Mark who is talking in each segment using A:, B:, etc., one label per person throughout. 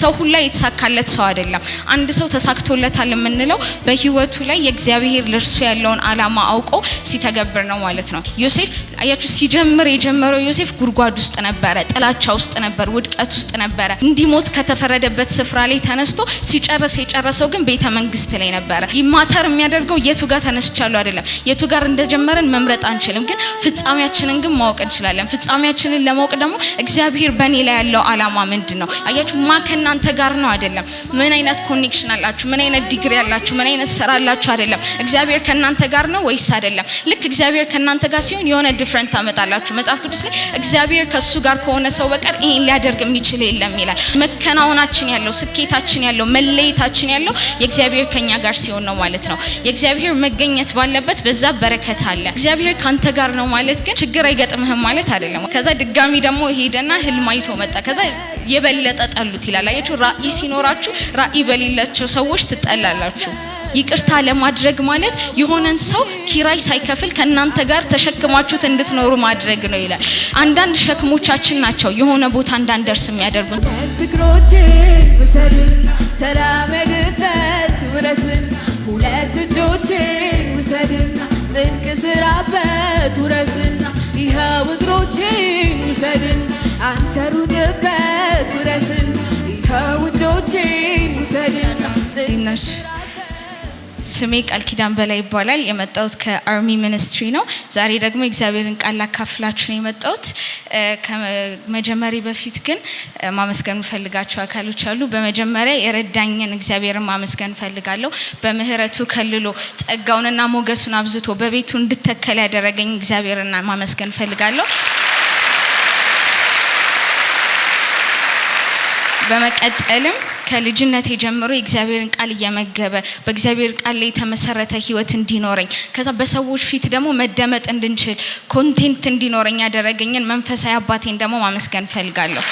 A: ሰው ሁላ የተሳካለት ሰው አይደለም። አንድ ሰው ተሳክቶለታል የምንለው በህይወቱ ላይ የእግዚአብሔር ለእርሱ ያለውን አላማ አውቆ ሲተገብር ነው ማለት ነው። ዮሴፍ አያችሁ፣ ሲጀምር የጀመረው ዮሴፍ ጉድጓድ ውስጥ ነበረ፣ ጥላቻ ውስጥ ነበር፣ ውድቀት ውስጥ ነበረ። እንዲሞት ከተፈረደበት ስፍራ ላይ ተነስቶ ሲጨርስ የጨረሰው ግን ቤተ መንግስት ላይ ነበረ። ማተር የሚያደርገው የቱ ጋር ተነስቻለሁ አይደለም። የቱ ጋር እንደጀመረን መምረጥ አንችልም፣ ግን ፍጻሜያችንን ግን ማወቅ እንችላለን። ፍጻሜያችንን ለማወቅ ደግሞ እግዚአብሔር በእኔ ላይ ያለው አላማ ምንድን ነው? አያችሁ ከእናንተ ጋር ነው አይደለም። ምን አይነት ኮኔክሽን አላችሁ፣ ምን አይነት ዲግሪ አላችሁ፣ ምን አይነት ስራ አላችሁ አይደለም። እግዚአብሔር ከእናንተ ጋር ነው ወይስ አይደለም? ልክ እግዚአብሔር ከእናንተ ጋር ሲሆን የሆነ ዲፍረንት ታመጣላችሁ። መጽሐፍ ቅዱስ ላይ እግዚአብሔር ከእሱ ጋር ከሆነ ሰው በቀር ይህን ሊያደርግ የሚችል የለም ይላል። መከናወናችን ያለው ስኬታችን ያለው መለየታችን ያለው የእግዚአብሔር ከኛ ጋር ሲሆን ነው ማለት ነው። የእግዚአብሔር መገኘት ባለበት በዛ በረከት አለ። እግዚአብሔር ካንተ ጋር ነው ማለት ግን ችግር አይገጥምህም ማለት አይደለም። ከዛ ድጋሚ ደግሞ ሄደና ህልም አይቶ መጣ። ከዛ የበለጠ ጠሉት ይላል። ይላል። አያችሁ ራእይ ሲኖራችሁ ራእይ በሌላቸው ሰዎች ትጠላላችሁ። ይቅርታ ለማድረግ ማለት የሆነን ሰው ኪራይ ሳይከፍል ከእናንተ ጋር ተሸክማችሁት እንድትኖሩ ማድረግ ነው ይላል። አንዳንድ ሸክሞቻችን ናቸው የሆነ ቦታ እንዳንደርስ የሚያደርጉን።
B: ተራመድበት ውረስን ሁለት እጆቼን ውሰድና ጽድቅ ስራበት ውረስና ይኸው እግሮቼን አንተ ሩጥበት ከውጆቼ
C: ስሜ ቃል ኪዳን በላይ ይባላል። የመጣሁት ከአርሚ ሚኒስትሪ ነው። ዛሬ ደግሞ እግዚአብሔርን ቃል አካፍላችሁ ነው የመጣሁት። ከመጀመሪ በፊት ግን ማመስገን ፈልጋቸው አካሎች አሉ። በመጀመሪያ የረዳኝን እግዚአብሔርን ማመስገን ፈልጋለሁ። በምህረቱ ከልሎ ጸጋውንና ሞገሱን አብዝቶ በቤቱ እንድተከል ያደረገኝ እግዚአብሔርን ማመስገን ፈልጋለሁ። በመቀጠልም ከልጅነት ጀምሮ የእግዚአብሔርን ቃል እየመገበ በእግዚአብሔር ቃል ላይ የተመሰረተ ህይወት እንዲኖረኝ ከዛ በሰዎች ፊት ደግሞ መደመጥ እንድንችል ኮንቴንት እንዲኖረኝ ያደረገኝን መንፈሳዊ አባቴን ደግሞ ማመስገን ፈልጋለሁ።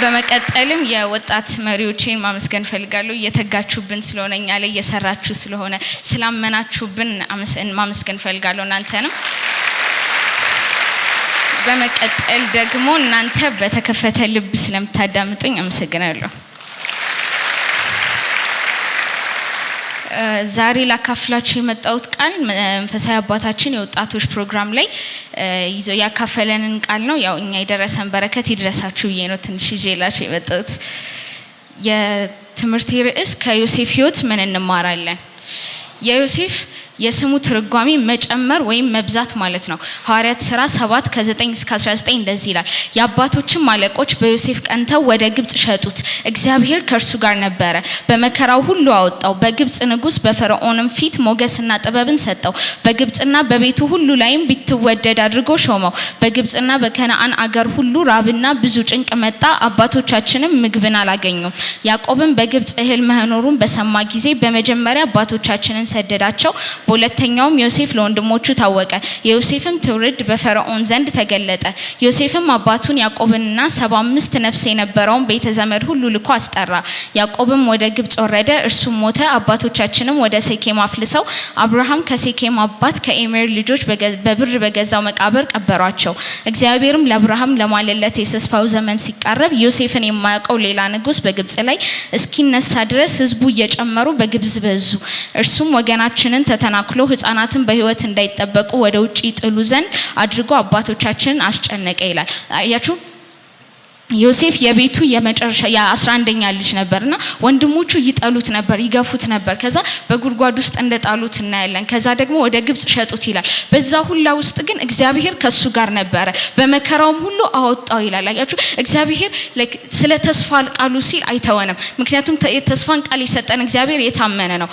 C: በመቀጠልም የወጣት መሪዎቼን ማመስገን ፈልጋለሁ። እየተጋችሁብን ስለሆነ እኛ ላይ እየሰራችሁ ስለሆነ ስላመናችሁብን ማመስገን ፈልጋለሁ እናንተንም በመቀጠል ደግሞ እናንተ በተከፈተ ልብ ስለምታዳምጡኝ አመሰግናለሁ። ዛሬ ላካፍላችሁ የመጣሁት ቃል መንፈሳዊ አባታችን የወጣቶች ፕሮግራም ላይ ይዞ ያካፈለንን ቃል ነው። ያው እኛ የደረሰን በረከት ይድረሳችሁ ብዬ ነው ትንሽ ይዤላችሁ የመጣሁት። የትምህርቴ ርዕስ ከዮሴፍ ሕይወት ምን እንማራለን? የዮሴፍ የስሙ ትርጓሜ መጨመር ወይም መብዛት ማለት ነው። ሐዋርያት ስራ 7 ከ9 እስከ 19 እንደዚህ ይላል። የአባቶችም አለቆች በዮሴፍ ቀንተው ወደ ግብጽ ሸጡት፣ እግዚአብሔር ከእርሱ ጋር ነበረ፣ በመከራው ሁሉ አወጣው። በግብጽ ንጉሥ በፈርዖንም ፊት ሞገስና ጥበብን ሰጠው። በግብጽና በቤቱ ሁሉ ላይም ቢትወደድ አድርጎ ሾመው። በግብጽና በከነአን አገር ሁሉ ራብና ብዙ ጭንቅ መጣ፣ አባቶቻችንም ምግብን አላገኙም። ያዕቆብም በግብጽ እህል መኖሩን በሰማ ጊዜ በመጀመሪያ አባቶቻችንን ሰደዳቸው በሁለተኛውም ዮሴፍ ለወንድሞቹ ታወቀ፣ የዮሴፍም ትውልድ በፈርዖን ዘንድ ተገለጠ። ዮሴፍም አባቱን ያዕቆብንና ሰባ አምስት ነፍስ የነበረውን ቤተ ዘመድ ሁሉ ልኮ አስጠራ። ያዕቆብም ወደ ግብጽ ወረደ፣ እርሱም ሞተ። አባቶቻችንም ወደ ሴኬም አፍልሰው አብርሃም ከሴኬም አባት ከኤሜር ልጆች በብር በገዛው መቃብር ቀበሯቸው። እግዚአብሔርም ለአብርሃም ለማለለት የተስፋው ዘመን ሲቃረብ ዮሴፍን የማያውቀው ሌላ ንጉስ በግብጽ ላይ እስኪነሳ ድረስ ህዝቡ እየጨመሩ በግብጽ በዙ። እርሱም ወገናችንን ተተና አሰናክሎ ህጻናትን በህይወት እንዳይጠበቁ ወደ ውጭ ይጥሉ ዘንድ አድርጎ አባቶቻችንን አስጨነቀ ይላል። አያችሁ ዮሴፍ የቤቱ የመጨረሻ የአስራ አንደኛ ልጅ ነበርና ወንድሞቹ ይጠሉት ነበር፣ ይገፉት ነበር። ከዛ በጉድጓድ ውስጥ እንደጣሉት እናያለን። ከዛ ደግሞ ወደ ግብጽ ሸጡት ይላል። በዛ ሁላ ውስጥ ግን እግዚአብሔር ከሱ ጋር ነበረ፣ በመከራውም ሁሉ አወጣው ይላል። አያችሁ እግዚአብሔር ስለ ተስፋ ቃሉ ሲል አይተወንም። ምክንያቱም የተስፋን ቃል የሰጠን እግዚአብሔር የታመነ ነው።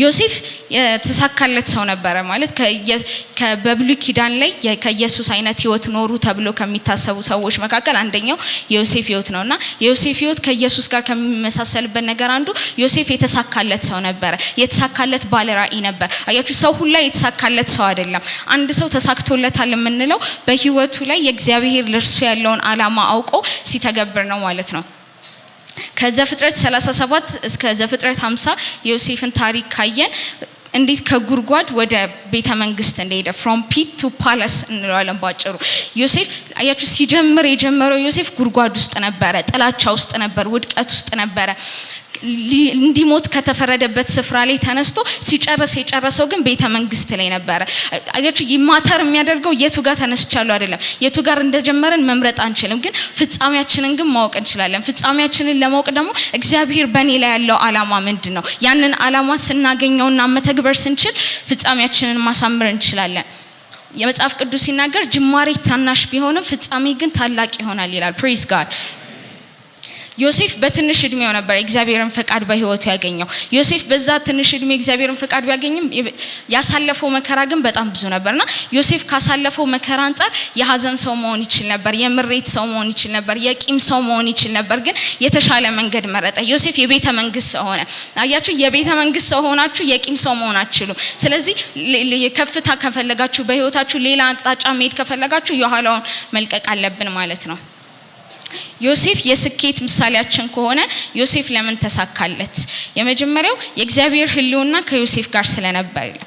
C: ዮሴፍ የተሳካለት ሰው ነበረ ማለት በብሉይ ኪዳን ላይ ከኢየሱስ አይነት ህይወት ኖሩ ተብሎ ከሚታሰቡ ሰዎች መካከል አንደኛው የዮሴፍ ህይወት ነው እና የዮሴፍ ህይወት ከኢየሱስ ጋር ከሚመሳሰልበት ነገር አንዱ ዮሴፍ የተሳካለት ሰው ነበረ። የተሳካለት ባለ ነበር። አያችሁ፣ ሰው ሁላ የተሳካለት ሰው አይደለም። አንድ ሰው ተሳክቶለታል የምንለው በህይወቱ ላይ የእግዚአብሔር ለእርሱ ያለውን አላማ አውቆ ሲተገብር ነው ማለት ነው። ከዘፍጥረት 37 እስከ ዘፍጥረት 50 ዮሴፍን ታሪክ ካየን እንዴት ከጉድጓድ ወደ ቤተ መንግስት እንደሄደ ፍሮም ፒት ቱ ፓላስ እንለዋለን ባጭሩ። ዮሴፍ አያችሁ፣ ሲጀምር የጀመረው ዮሴፍ ጉድጓድ ውስጥ ነበረ፣ ጥላቻ ውስጥ ነበር፣ ውድቀት ውስጥ ነበረ። እንዲሞት ከተፈረደበት ስፍራ ላይ ተነስቶ ሲጨርስ የጨረሰው ግን ቤተ መንግስት ላይ ነበረ። አያችሁ ይማተር የሚያደርገው የቱ ጋር ተነስቻለሁ አይደለም። የቱ ጋር እንደጀመረን መምረጥ አንችልም፣ ግን ፍጻሜያችንን ግን ማወቅ እንችላለን። ፍጻሜያችንን ለማወቅ ደግሞ እግዚአብሔር በእኔ ላይ ያለው አላማ ምንድን ነው? ያንን አላማ ስናገኘውና መተግበር ስንችል ፍጻሜያችንን ማሳመር እንችላለን። የመጽሐፍ ቅዱስ ሲናገር ጅማሬ ታናሽ ቢሆንም ፍጻሜ ግን ታላቅ ይሆናል ይላል። ፕሬዝ ጋድ ዮሴፍ በትንሽ እድሜው ነበር እግዚአብሔርን ፈቃድ በህይወቱ ያገኘው። ዮሴፍ በዛ ትንሽ እድሜ እግዚአብሔርን ፈቃድ ቢያገኝም ያሳለፈው መከራ ግን በጣም ብዙ ነበርና ዮሴፍ ካሳለፈው መከራ አንጻር የሀዘን ሰው መሆን ይችል ነበር፣ የምሬት ሰው መሆን ይችል ነበር፣ የቂም ሰው መሆን ይችል ነበር። ግን የተሻለ መንገድ መረጠ። ዮሴፍ የቤተ መንግስት ሰው ሆነ። አያችሁ፣ የቤተ መንግስት ሰው ሆናችሁ የቂም ሰው መሆን አትችሉም። ስለዚህ ከፍታ ከፈለጋችሁ፣ በህይወታችሁ ሌላ አቅጣጫ መሄድ ከፈለጋችሁ የኋላውን መልቀቅ አለብን ማለት ነው። ዮሴፍ የስኬት ምሳሌያችን ከሆነ ዮሴፍ ለምን ተሳካለት? የመጀመሪያው የእግዚአብሔር ሕልውና ከዮሴፍ ጋር ስለነበር ነው።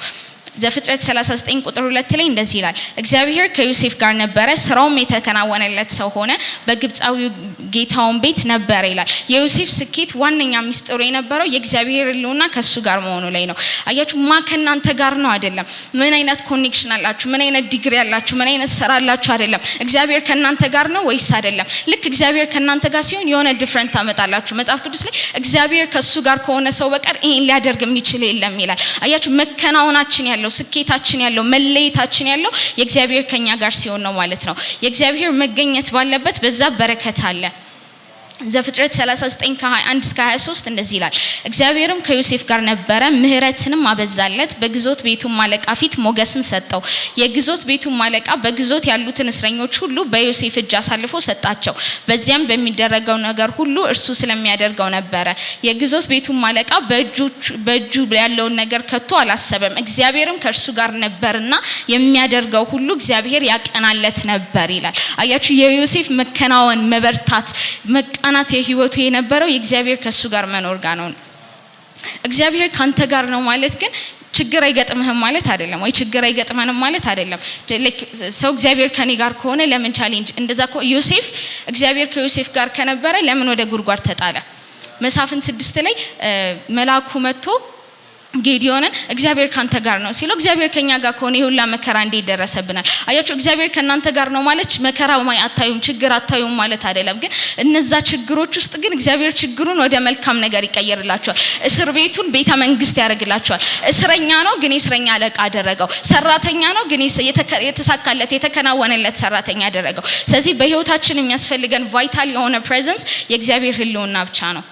C: ዘፍጥረት 39 ቁጥር 2 ላይ እንደዚህ ይላል፣ እግዚአብሔር ከዮሴፍ ጋር ነበረ፣ ስራውም የተከናወነለት ሰው ሆነ፣ በግብፃዊው ጌታውን ቤት ነበረ ይላል። የዮሴፍ ስኬት ዋነኛ ሚስጥሩ የነበረው የእግዚአብሔር ሕልውና ከሱ ጋር መሆኑ ላይ ነው። አያችሁ፣ ማ ከእናንተ ጋር ነው አይደለም። ምን አይነት ኮኔክሽን አላችሁ፣ ምን አይነት ዲግሪ አላችሁ፣ ምን አይነት ስራ አላችሁ አይደለም። እግዚአብሔር ከእናንተ ጋር ነው ወይስ አይደለም? ልክ እግዚአብሔር ከእናንተ ጋር ሲሆን የሆነ ዲፍረንት ታመጣላችሁ። መጽሐፍ ቅዱስ ላይ እግዚአብሔር ከሱ ጋር ከሆነ ሰው በቀር ይህን ሊያደርግ የሚችል የለም ይላል። አያችሁ፣ መከናወናችን ያለው ያለው ስኬታችን ያለው መለየታችን ያለው የእግዚአብሔር ከኛ ጋር ሲሆን ነው ማለት ነው። የእግዚአብሔር መገኘት ባለበት በዛ በረከት አለ። ዘፍጥረት 39 ከ21 እስከ 23 እንደዚህ ይላል። እግዚአብሔርም ከዮሴፍ ጋር ነበረ፣ ምሕረትንም አበዛለት፣ በግዞት ቤቱ አለቃ ፊት ሞገስን ሰጠው። የግዞት ቤቱ አለቃ በግዞት ያሉትን እስረኞች ሁሉ በዮሴፍ እጅ አሳልፎ ሰጣቸው። በዚያም በሚደረገው ነገር ሁሉ እርሱ ስለሚያደርገው ነበረ። የግዞት ቤቱ አለቃ በእጁ ያለውን ነገር ከቶ አላሰበም። እግዚአብሔርም ከእርሱ ጋር ነበርና የሚያደርገው ሁሉ እግዚአብሔር ያቀናለት ነበር ይላል። አያችሁ የዮሴፍ መከናወን መበርታት ቀናት የህይወቱ የነበረው የእግዚአብሔር ከእሱ ጋር መኖር ጋር ነው። እግዚአብሔር ካንተ ጋር ነው ማለት ግን ችግር አይገጥምህም ማለት አይደለም፣ ወይ ችግር አይገጥመንም ማለት አይደለም። ሰው እግዚአብሔር ከኔ ጋር ከሆነ ለምን ቻሌንጅ እንደዛ? ዮሴፍ እግዚአብሔር ከዮሴፍ ጋር ከነበረ ለምን ወደ ጉድጓድ ተጣለ? መሳፍን ስድስት ላይ መልአኩ መጥቶ ጌዲዮንን እግዚአብሔር ካንተ ጋር ነው ሲለው እግዚአብሔር ከኛ ጋር ከሆነ የሁላ መከራ እንዴት ደረሰብናል? አያችሁ፣ እግዚአብሔር ከእናንተ ጋር ነው ማለት መከራ ማይ አታዩም፣ ችግር አታዩም ማለት አይደለም። ግን እነዛ ችግሮች ውስጥ ግን እግዚአብሔር ችግሩን ወደ መልካም ነገር ይቀየርላቸዋል። እስር ቤቱን ቤተ መንግስት ያደርግላቸዋል። እስረኛ ነው ግን የእስረኛ አለቃ አደረገው። ሰራተኛ ነው ግን የተሳካለት የተከናወነለት ሰራተኛ አደረገው። ስለዚህ በህይወታችን የሚያስፈልገን ቫይታል የሆነ ፕሬዘንስ የእግዚአብሔር ህልውና ብቻ ነው።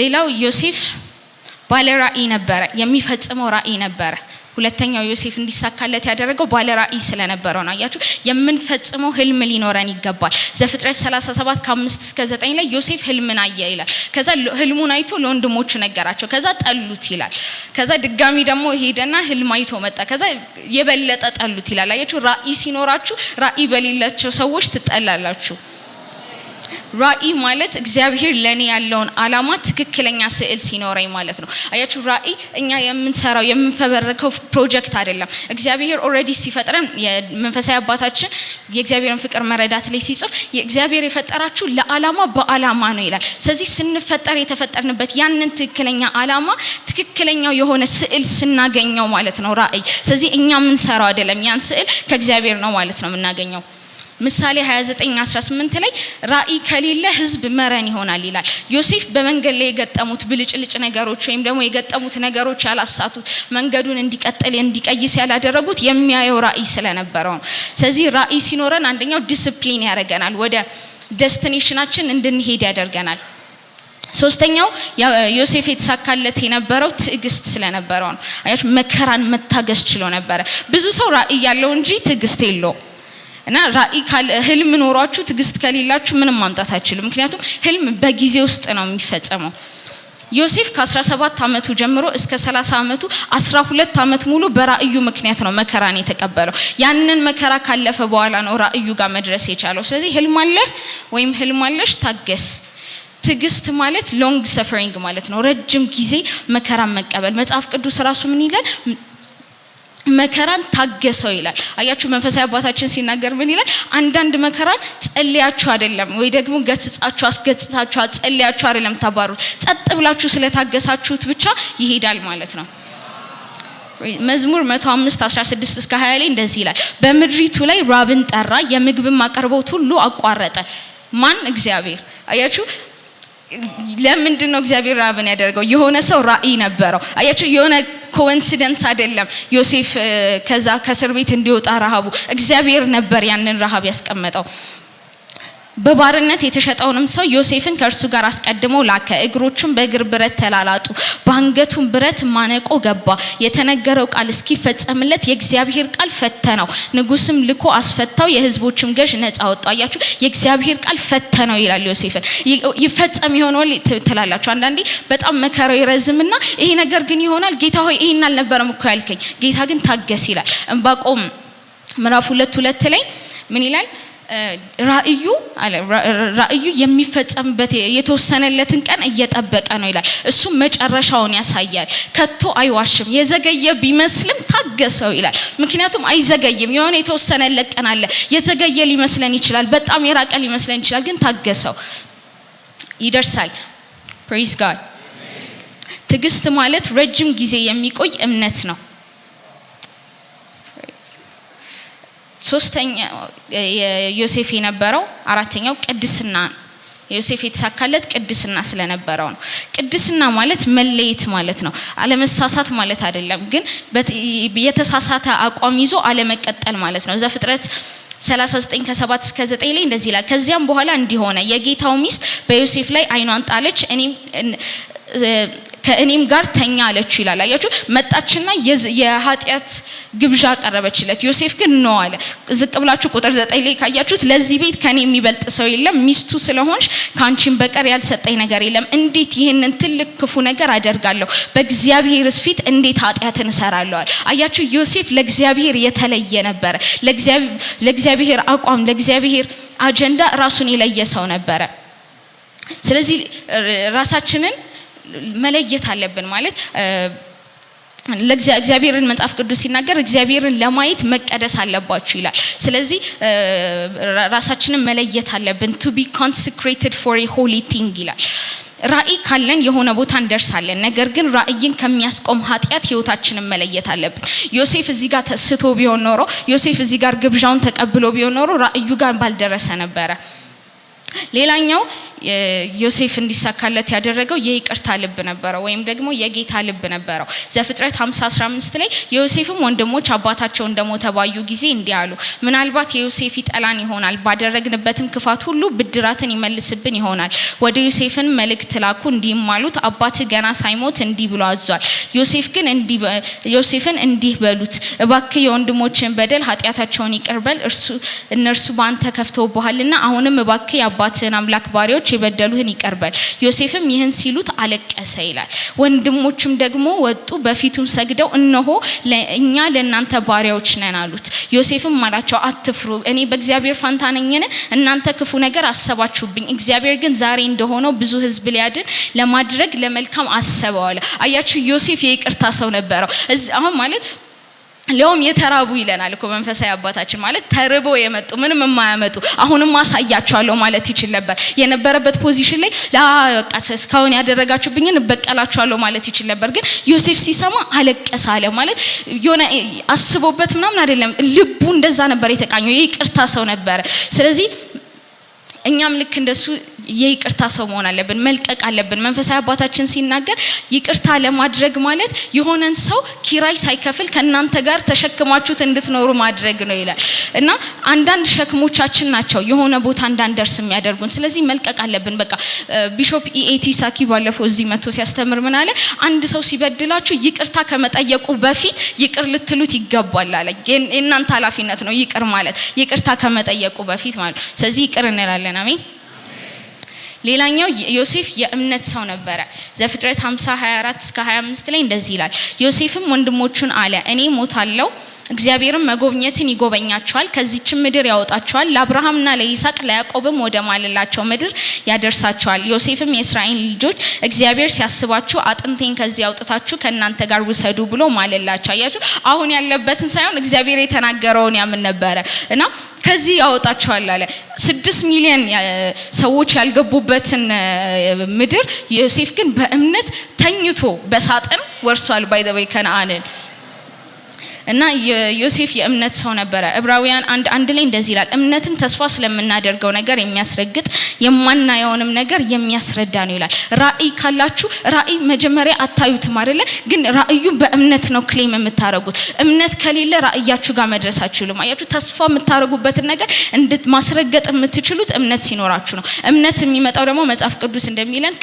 C: ሌላው ዮሴፍ ባለ ራእይ ነበረ፣ የሚፈጽመው ራእይ ነበረ። ሁለተኛው ዮሴፍ እንዲሳካለት ያደረገው ባለ ራእይ ስለነበረው ነው። አያችሁ፣ የምንፈጽመው ህልም ሊኖረን ይገባል። ዘፍጥረት 37 ከ5 እስከ 9 ላይ ዮሴፍ ህልምን አየ ይላል። ከዛ ህልሙን አይቶ ለወንድሞቹ ነገራቸው። ከዛ ጠሉት ይላል። ከዛ ድጋሚ ደግሞ ሄደና ህልም አይቶ መጣ። ከዛ የበለጠ ጠሉት ይላል። አያችሁ፣ ራእይ ሲኖራችሁ ራእይ በሌላቸው ሰዎች ትጠላላችሁ። ራእይ ማለት እግዚአብሔር ለእኔ ያለውን አላማ ትክክለኛ ስዕል ሲኖረኝ ማለት ነው። አያችሁ ራእይ እኛ የምንሰራው የምንፈበረከው ፕሮጀክት አይደለም። እግዚአብሔር ኦልሬዲ ሲፈጥረን መንፈሳዊ አባታችን የእግዚአብሔርን ፍቅር መረዳት ላይ ሲጽፍ የእግዚአብሔር የፈጠራችሁ ለአላማ በአላማ ነው ይላል። ስለዚህ ስንፈጠር የተፈጠርንበት ያንን ትክክለኛ አላማ ትክክለኛው የሆነ ስዕል ስናገኘው ማለት ነው ራእይ። ስለዚህ እኛ የምንሰራው አይደለም፣ ያን ስዕል ከእግዚአብሔር ነው ማለት ነው የምናገኘው። ምሳሌ 29:18 ላይ ራእይ ከሌለ ህዝብ መረን ይሆናል ይላል። ዮሴፍ በመንገድ ላይ የገጠሙት ብልጭልጭ ነገሮች ወይም ደግሞ የገጠሙት ነገሮች ያላሳቱት መንገዱን እንዲቀጥል እንዲቀይስ ያላደረጉት የሚያየው ራእይ ስለነበረው ነው። ስለዚህ ራእይ ሲኖረን አንደኛው ዲስፕሊን ያደርገናል፣ ወደ ደስቲኔሽናችን እንድንሄድ ያደርገናል። ሶስተኛው ዮሴፍ የተሳካለት የነበረው ትዕግስት ስለነበረው ነው። መከራን መታገስ ችሎ ነበረ። ብዙ ሰው ራእይ ያለው እንጂ ትዕግስት የለውም። እና ራእይ ህልም ኖሯችሁ ትግስት ከሌላችሁ ምንም ማምጣት አይችልም። ምክንያቱም ህልም በጊዜ ውስጥ ነው የሚፈጸመው። ዮሴፍ ከ17 ዓመቱ ጀምሮ እስከ 30 ዓመቱ 12 ዓመት ሙሉ በራእዩ ምክንያት ነው መከራን የተቀበለው። ያንን መከራ ካለፈ በኋላ ነው ራእዩ ጋር መድረስ የቻለው። ስለዚህ ህልም አለህ ወይም ህልም አለሽ፣ ታገስ። ትዕግስት ማለት ሎንግ ሰፈሪንግ ማለት ነው፣ ረጅም ጊዜ መከራን መቀበል። መጽሐፍ ቅዱስ ራሱ ምን ይላል? መከራን ታገሰው ይላል። አያችሁ መንፈሳዊ አባታችን ሲናገር ምን ይላል? አንዳንድ መከራን ጸልያችሁ አይደለም ወይ ደግሞ ገስጻችሁ፣ አስገጽታችሁ፣ ጸልያችሁ አይደለም ተባሩት። ጸጥ ብላችሁ ስለታገሳችሁት ብቻ ይሄዳል ማለት ነው። መዝሙር 105 16 እስከ 20 ላይ እንደዚህ ይላል። በምድሪቱ ላይ ራብን ጠራ፣ የምግብም አቅርቦት ሁሉ አቋረጠ። ማን? እግዚአብሔር። አያችሁ ለምንድን ነው እግዚአብሔር ራብን ያደርገው? የሆነ ሰው ራእይ ነበረው። አያቸው የሆነ ኮንሲደንስ አይደለም። ዮሴፍ ከዛ ከእስር ቤት እንዲወጣ ረሃቡ እግዚአብሔር ነበር ያንን ረሃብ ያስቀመጠው። በባርነት የተሸጠውንም ሰው ዮሴፍን ከእርሱ ጋር አስቀድሞ ላከ። እግሮቹን በእግር ብረት ተላላጡ፣ በአንገቱን ብረት ማነቆ ገባ። የተነገረው ቃል እስኪፈጸምለት የእግዚአብሔር ቃል ፈተነው። ንጉስም ልኮ አስፈታው፣ የህዝቦችም ገዥ ነጻ ወጣ። አያችሁ፣ የእግዚአብሔር ቃል ፈተነው ይላል። ዮሴፍን ይፈጸም ይሆናል ትላላችሁ። አንዳንዴ በጣም መከራው ይረዝምና ይሄ ነገር ግን ይሆናል ጌታ ሆይ ይህን አልነበረም እኮ ያልከኝ፣ ጌታ ግን ታገስ ይላል። እንባቆም ምዕራፍ ሁለት ሁለት ላይ ምን ይላል? ራእዩ ራእዩ የሚፈጸምበት የተወሰነለትን ቀን እየጠበቀ ነው ይላል። እሱ መጨረሻውን ያሳያል። ከቶ አይዋሽም፣ የዘገየ ቢመስልም ታገሰው ይላል። ምክንያቱም አይዘገይም። የሆነ የተወሰነለት ቀን አለ። የዘገየ ሊመስለን ይችላል፣ በጣም የራቀ ሊመስለን ይችላል። ግን ታገሰው፣ ይደርሳል። ፕሬዝ ጋድ። ትዕግስት ማለት ረጅም ጊዜ የሚቆይ እምነት ነው። ሶስተኛ ዮሴፍ የነበረው አራተኛው ቅድስና ነው። ዮሴፍ የተሳካለት ቅድስና ስለነበረው ነው። ቅድስና ማለት መለየት ማለት ነው፣ አለመሳሳት ማለት አይደለም። ግን የተሳሳተ አቋም ይዞ አለመቀጠል ማለት ነው። ዘፍጥረት 39 ከ7 እስከ 9 ላይ እንደዚህ ይላል። ከዚያም በኋላ እንዲሆነ የጌታው ሚስት በዮሴፍ ላይ አይኗን ጣለች፣ እኔም ከእኔም ጋር ተኛ አለች ይላል። አያችሁ መጣችና የኃጢአት ግብዣ አቀረበችለት። ዮሴፍ ግን ኖ አለ። ዝቅ ብላችሁ ቁጥር ዘጠኝ ላይ ካያችሁት ለዚህ ቤት ከእኔ የሚበልጥ ሰው የለም፣ ሚስቱ ስለሆንሽ ከአንቺን በቀር ያልሰጠኝ ነገር የለም። እንዴት ይህንን ትልቅ ክፉ ነገር አደርጋለሁ? በእግዚአብሔርስ ፊት እንዴት ኃጢአትን እሰራለዋል? አያችሁ ዮሴፍ ለእግዚአብሔር የተለየ ነበረ። ለእግዚአብሔር አቋም፣ ለእግዚአብሔር አጀንዳ ራሱን የለየ ሰው ነበረ። ስለዚህ ራሳችንን መለየት አለብን ማለት ለእግዚአብሔርን መጽሐፍ ቅዱስ ሲናገር እግዚአብሔርን ለማየት መቀደስ አለባችሁ ይላል። ስለዚህ ራሳችንን መለየት አለብን። ቱ ቢ ኮንሰክሬትድ ፎር ሆሊ ቲንግ ይላል። ራእይ ካለን የሆነ ቦታ እንደርሳለን። ነገር ግን ራእይን ከሚያስቆም ኃጢአት ህይወታችንን መለየት አለብን። ዮሴፍ እዚህ ጋር ተስቶ ቢሆን ኖሮ፣ ዮሴፍ እዚህ ጋር ግብዣውን ተቀብሎ ቢሆን ኖሮ ራእዩ ጋር ባልደረሰ ነበረ። ሌላኛው ዮሴፍ እንዲሳካለት ያደረገው የይቅርታ ልብ ነበረው ወይም ደግሞ የጌታ ልብ ነበረው። ዘፍጥረት 1 15 ላይ የዮሴፍም ወንድሞች አባታቸው እንደሞተ ባዩ ጊዜ እንዲህ አሉ፣ ምናልባት የዮሴፍ ይጠላን ይሆናል፣ ባደረግንበትም ክፋት ሁሉ ብድራትን ይመልስብን ይሆናል። ወደ ዮሴፍን መልእክት ላኩ፣ እንዲህም አሉት፣ አባትህ ገና ሳይሞት እንዲህ ብሎ አዟል። ዮሴፍ ግን ዮሴፍን እንዲህ በሉት፣ እባክህ የወንድሞችን በደል ኃጢአታቸውን ይቅርበል፣ እነርሱ በአንተ ከፍተውብሃልና አሁንም እባክህ የአባትህን አምላክ ባሪዎች ባሪያዎች የበደሉህን ይቅር በል። ዮሴፍም ይህን ሲሉት አለቀሰ ይላል። ወንድሞቹም ደግሞ ወጡ፣ በፊቱም ሰግደው እነሆ እኛ ለእናንተ ባሪያዎች ነን አሉት። ዮሴፍም አላቸው አትፍሩ፣ እኔ በእግዚአብሔር ፋንታ ነኝን? እናንተ ክፉ ነገር አሰባችሁብኝ፣ እግዚአብሔር ግን ዛሬ እንደሆነው ብዙ ሕዝብ ሊያድን ለማድረግ ለመልካም አሰበዋል። አያችሁ ዮሴፍ የይቅርታ ሰው ነበረው። አሁን ማለት ሊያውም የተራቡ ይለናል እኮ መንፈሳዊ አባታችን ማለት ተርበው የመጡ ምንም የማያመጡ አሁንም ማሳያቸዋለሁ ማለት ይችል ነበር። የነበረበት ፖዚሽን ላይ በቃ እስካሁን ያደረጋችሁብኝን እበቀላችኋለሁ ማለት ይችል ነበር። ግን ዮሴፍ ሲሰማ አለቀሰ አለ ማለት የሆነ አስቦበት ምናምን አይደለም። ልቡ እንደዛ ነበር የተቃኘው። ይቅርታ ሰው ነበረ። ስለዚህ እኛም ልክ እንደሱ የይቅርታ ሰው መሆን አለብን፣ መልቀቅ አለብን። መንፈሳዊ አባታችን ሲናገር ይቅርታ ለማድረግ ማለት የሆነን ሰው ኪራይ ሳይከፍል ከእናንተ ጋር ተሸክማችሁት እንድትኖሩ ማድረግ ነው ይላል እና አንዳንድ ሸክሞቻችን ናቸው የሆነ ቦታ እንዳንደርስ የሚያደርጉን። ስለዚህ መልቀቅ አለብን። በቃ ቢሾፕ ኢኤቲ ሳኪ ባለፈው እዚህ መጥቶ ሲያስተምር ምን አለ? አንድ ሰው ሲበድላችሁ ይቅርታ ከመጠየቁ በፊት ይቅር ልትሉት ይገባል አለ። የእናንተ ኃላፊነት ነው ይቅር ማለት፣ ይቅርታ ከመጠየቁ በፊት ማለት። ስለዚህ ይቅር እንላለን አሜን። ሌላኛው ዮሴፍ የእምነት ሰው ነበረ። ዘፍጥረት 50 24 እስከ 25 ላይ እንደዚህ ይላል። ዮሴፍም ወንድሞቹን አለ እኔ ሞታለሁ እግዚአብሔርም መጎብኘትን ይጎበኛቸዋል፣ ከዚችም ምድር ያወጣቸዋል፣ ለአብርሃምና ለይስሐቅ ለያዕቆብም ወደ ማለላቸው ምድር ያደርሳቸዋል። ዮሴፍም የእስራኤል ልጆች እግዚአብሔር ሲያስባችሁ አጥንቴን ከዚህ አውጥታችሁ ከእናንተ ጋር ውሰዱ ብሎ ማለላቸው። አያችሁ፣ አሁን ያለበትን ሳይሆን እግዚአብሔር የተናገረውን ያምን ነበረ እና ከዚህ ያወጣቸዋል አለ። ስድስት ሚሊዮን ሰዎች ያልገቡበትን ምድር ዮሴፍ ግን በእምነት ተኝቶ በሳጥን ወርሷል። ባይ ባይዘወይ ከነአንን እና ዮሴፍ የእምነት ሰው ነበረ። ዕብራውያን አንድ አንድ ላይ እንደዚህ ይላል፣ እምነትም ተስፋ ስለምናደርገው ነገር የሚያስረግጥ የማናየውንም ነገር የሚያስረዳ ነው ይላል። ራእይ ካላችሁ ራእይ መጀመሪያ አታዩትም አይደለ? ግን ራእዩ በእምነት ነው ክሌም የምታደርጉት። እምነት ከሌለ ራእያችሁ ጋር መድረሳችሁ ይሉም አያችሁ። ተስፋ የምታደርጉበትን ነገር እንድት ማስረገጥ የምትችሉት እምነት ሲኖራችሁ ነው። እምነት የሚመጣው ደግሞ መጽሐፍ ቅዱስ እንደሚለን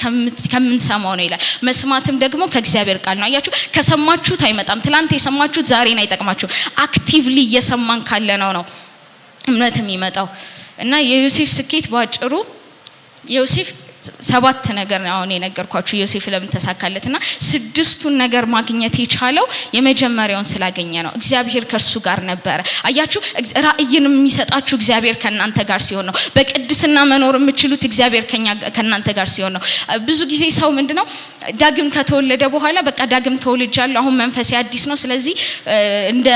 C: ከምንሰማው ነው ይላል። መስማትም ደግሞ ከእግዚአብሔር ቃል ነው። አያችሁ፣ ከሰማችሁት አይመጣም። ትላንት የሰማችሁት ዛሬ አይጠ የሚጠቅማችሁ አክቲቭሊ እየሰማን ካለ ነው ነው እምነት የሚመጣው እና የዮሴፍ ስኬት በአጭሩ ዮሴፍ ሰባት ነገር አሁን የነገርኳችሁ ዮሴፍ ለምን ተሳካለት እና ስድስቱን ነገር ማግኘት የቻለው የመጀመሪያውን ስላገኘ ነው። እግዚአብሔር ከእርሱ ጋር ነበረ። አያችሁ፣ ራእይን የሚሰጣችሁ እግዚአብሔር ከእናንተ ጋር ሲሆን ነው። በቅድስና መኖር የምችሉት እግዚአብሔር ከእናንተ ጋር ሲሆን ነው። ብዙ ጊዜ ሰው ምንድነው ዳግም ከተወለደ በኋላ በቃ ዳግም ተወልጃለሁ፣ አሁን መንፈሴ አዲስ ነው፣ ስለዚህ እንደ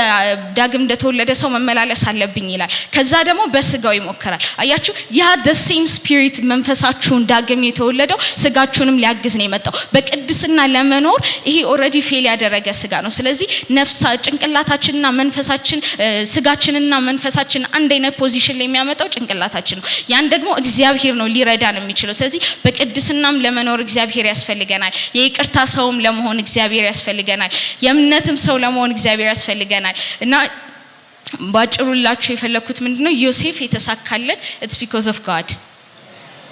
C: ዳግም እንደተወለደ ሰው መመላለስ አለብኝ ይላል። ከዛ ደግሞ በስጋው ይሞክራል። አያችሁ፣ ያ the ሴም ስፒሪት መንፈሳችሁን ዳግም የተወለደው ስጋችሁንም ሊያግዝ ነው የመጣው። በቅድስና ለመኖር ይሄ ኦልሬዲ ፌል ያደረገ ስጋ ነው። ስለዚህ ነፍሳ ጭንቅላታችንና መንፈሳችን ስጋችንና መንፈሳችን አንድ አይነት ፖዚሽን ላይ የሚያመጣው ጭንቅላታችን ነው። ያን ደግሞ እግዚአብሔር ነው ሊረዳን የሚችለው። ስለዚህ በቅድስናም ለመኖር እግዚአብሔር ያስፈልገናል። የይቅርታ ሰውም ለመሆን እግዚአብሔር ያስፈልገናል። የእምነትም ሰው ለመሆን እግዚአብሔር ያስፈልገናል እና ባጭሩላችሁ የፈለግኩት ምንድነው ዮሴፍ የተሳካለት ኢትስ ቢኮዝ ኦፍ ጋድ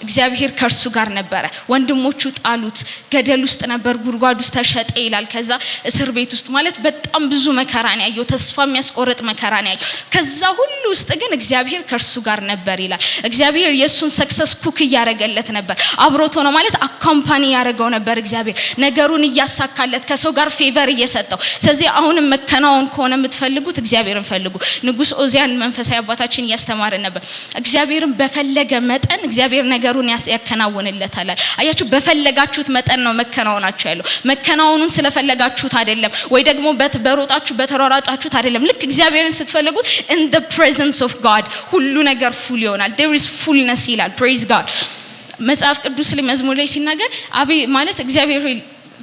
C: እግዚአብሔር ከእርሱ ጋር ነበረ። ወንድሞቹ ጣሉት፣ ገደል ውስጥ ነበር፣ ጉድጓድ ውስጥ ተሸጠ ይላል። ከዛ እስር ቤት ውስጥ ማለት በጣም ብዙ መከራ ነው ያየው፣ ተስፋ የሚያስቆርጥ መከራ ነው ያየው። ከዛ ሁሉ ውስጥ ግን እግዚአብሔር ከእርሱ ጋር ነበር ይላል። እግዚአብሔር የእሱን ሰክሰስ ኩክ እያረገለት ነበር፣ አብሮት ሆኖ ማለት አካምፓኒ ያደረገው ነበር። እግዚአብሔር ነገሩን እያሳካለት፣ ከሰው ጋር ፌቨር እየሰጠው። ስለዚህ አሁንም መከናወን ከሆነ የምትፈልጉት እግዚአብሔርን ፈልጉ። ንጉስ ኦዚያን መንፈሳዊ አባታችን እያስተማረን ነበር። እግዚአብሔርን በፈለገ መጠን እግዚአብሔር ነገር ነገሩን ያከናውንለታል። አያችሁ፣ በፈለጋችሁት መጠን ነው መከናወናችሁ ያለው። መከናወኑን ስለፈለጋችሁት አይደለም፣ ወይ ደግሞ በሮጣችሁ በተሯራጫችሁት አይደለም። ልክ እግዚአብሔርን ስትፈልጉት ኢን ዘ ፕሬዘንስ ኦፍ ጋድ ሁሉ ነገር ፉል ይሆናል። ዴር ኢዝ ፉልነስ ይላል። ፕሬዝ ጋድ መጽሐፍ ቅዱስ ላይ መዝሙር ላይ ሲናገር አቤ ማለት እግዚአብሔር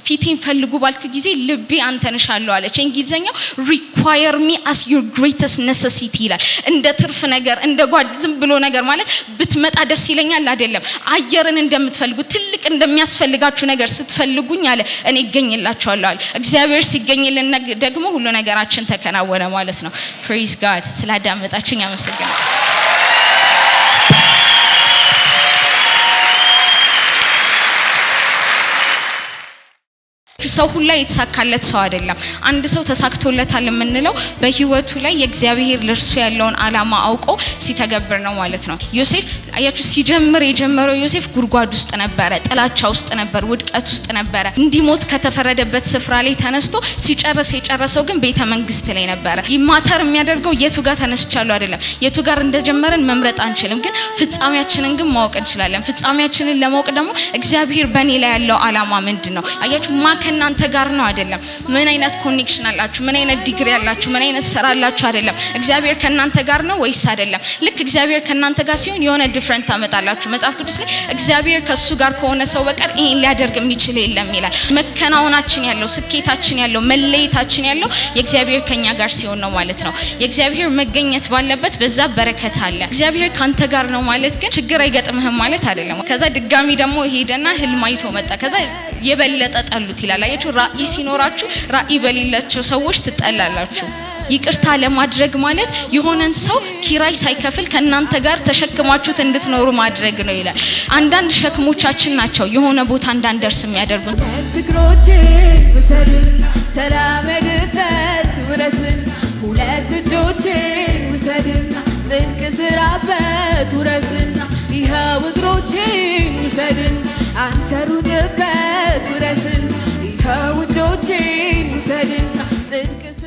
C: ፊቴን ፈልጉ ባልክ ጊዜ ልቤ አንተንሻለሁ አለች። እንግሊዘኛው ሪኳየር ሚ አስ ዩር ግሬተስት ነሰሲቲ ይላል። እንደ ትርፍ ነገር እንደ ጓድ ዝም ብሎ ነገር ማለት ብትመጣ ደስ ይለኛል አይደለም። አየርን እንደምትፈልጉ ትልቅ እንደሚያስፈልጋችሁ ነገር ስትፈልጉኝ አለ እኔ ይገኝላችኋለሁ አለ። እግዚአብሔር ሲገኝልን ደግሞ ሁሉ ነገራችን ተከናወነ ማለት ነው። ፕሬዝ ጋድ ስላዳመጣችኝ አመሰግናለሁ።
A: ታውቃላችሁ፣ ሰው ሁላ የተሳካለት ሰው አይደለም። አንድ ሰው ተሳክቶለታል የምንለው በህይወቱ ላይ የእግዚአብሔር ለእርሱ ያለውን አላማ አውቆ ሲተገብር ነው ማለት ነው። ዮሴፍ አያችሁ፣ ሲጀምር የጀመረው ዮሴፍ ጉድጓድ ውስጥ ነበረ፣ ጥላቻ ውስጥ ነበር፣ ውድቀት ውስጥ ነበረ። እንዲሞት ከተፈረደበት ስፍራ ላይ ተነስቶ ሲጨርስ የጨረሰው ግን ቤተ መንግስት ላይ ነበረ። ማተር የሚያደርገው የቱ ጋር ተነስቻለሁ አይደለም፣ የቱ ጋር እንደጀመረን መምረጥ አንችልም፣ ግን ፍጻሜያችንን ግን ማወቅ እንችላለን። ፍጻሜያችንን ለማወቅ ደግሞ እግዚአብሔር በእኔ ላይ ያለው አላማ ምንድን ነው? አያችሁ ማከን ከእናንተ ጋር ነው አይደለም። ምን አይነት ኮኔክሽን አላችሁ፣ ምን አይነት ዲግሪ አላችሁ፣ ምን አይነት ስራ አላችሁ አይደለም። እግዚአብሔር ከእናንተ ጋር ነው ወይስ አይደለም? ልክ እግዚአብሔር ከእናንተ ጋር ሲሆን የሆነ ዲፍረንት ታመጣላችሁ። መጽሐፍ ቅዱስ ላይ እግዚአብሔር ከእሱ ጋር ከሆነ ሰው በቀር ይሄን ሊያደርግ የሚችል የለም ይላል። መከናወናችን ያለው ስኬታችን ያለው መለየታችን ያለው የእግዚአብሔር ከኛ ጋር ሲሆን ነው ማለት ነው። የእግዚአብሔር መገኘት ባለበት በዛ በረከት አለ። እግዚአብሔር ከአንተ ጋር ነው ማለት ግን ችግር አይገጥምህም ማለት አይደለም። ከዛ ድጋሚ ደግሞ ሄደና ህልም አይቶ መጣ። ከዛ የበለጠ ጠሉት ይላል ያላየችው ራዕይ ሲኖራችሁ ራዕይ በሌላቸው ሰዎች ትጠላላችሁ። ይቅርታ ለማድረግ ማለት የሆነን ሰው ኪራይ ሳይከፍል ከእናንተ ጋር ተሸክማችሁት እንድትኖሩ ማድረግ ነው ይላል። አንዳንድ ሸክሞቻችን ናቸው የሆነ ቦታ እንዳንደርስ የሚያደርጉን። ትግሮችን ተራመድበት፣ ውረስን። ሁለት እጆችን ውሰድና ጽድቅ ስራበት፣ ውረስና። ይኸው እግሮችን ውሰድን፣ አንተ ሩጥበት፣ ውረስን ከውጆቼ ውሰድና ጽድቅ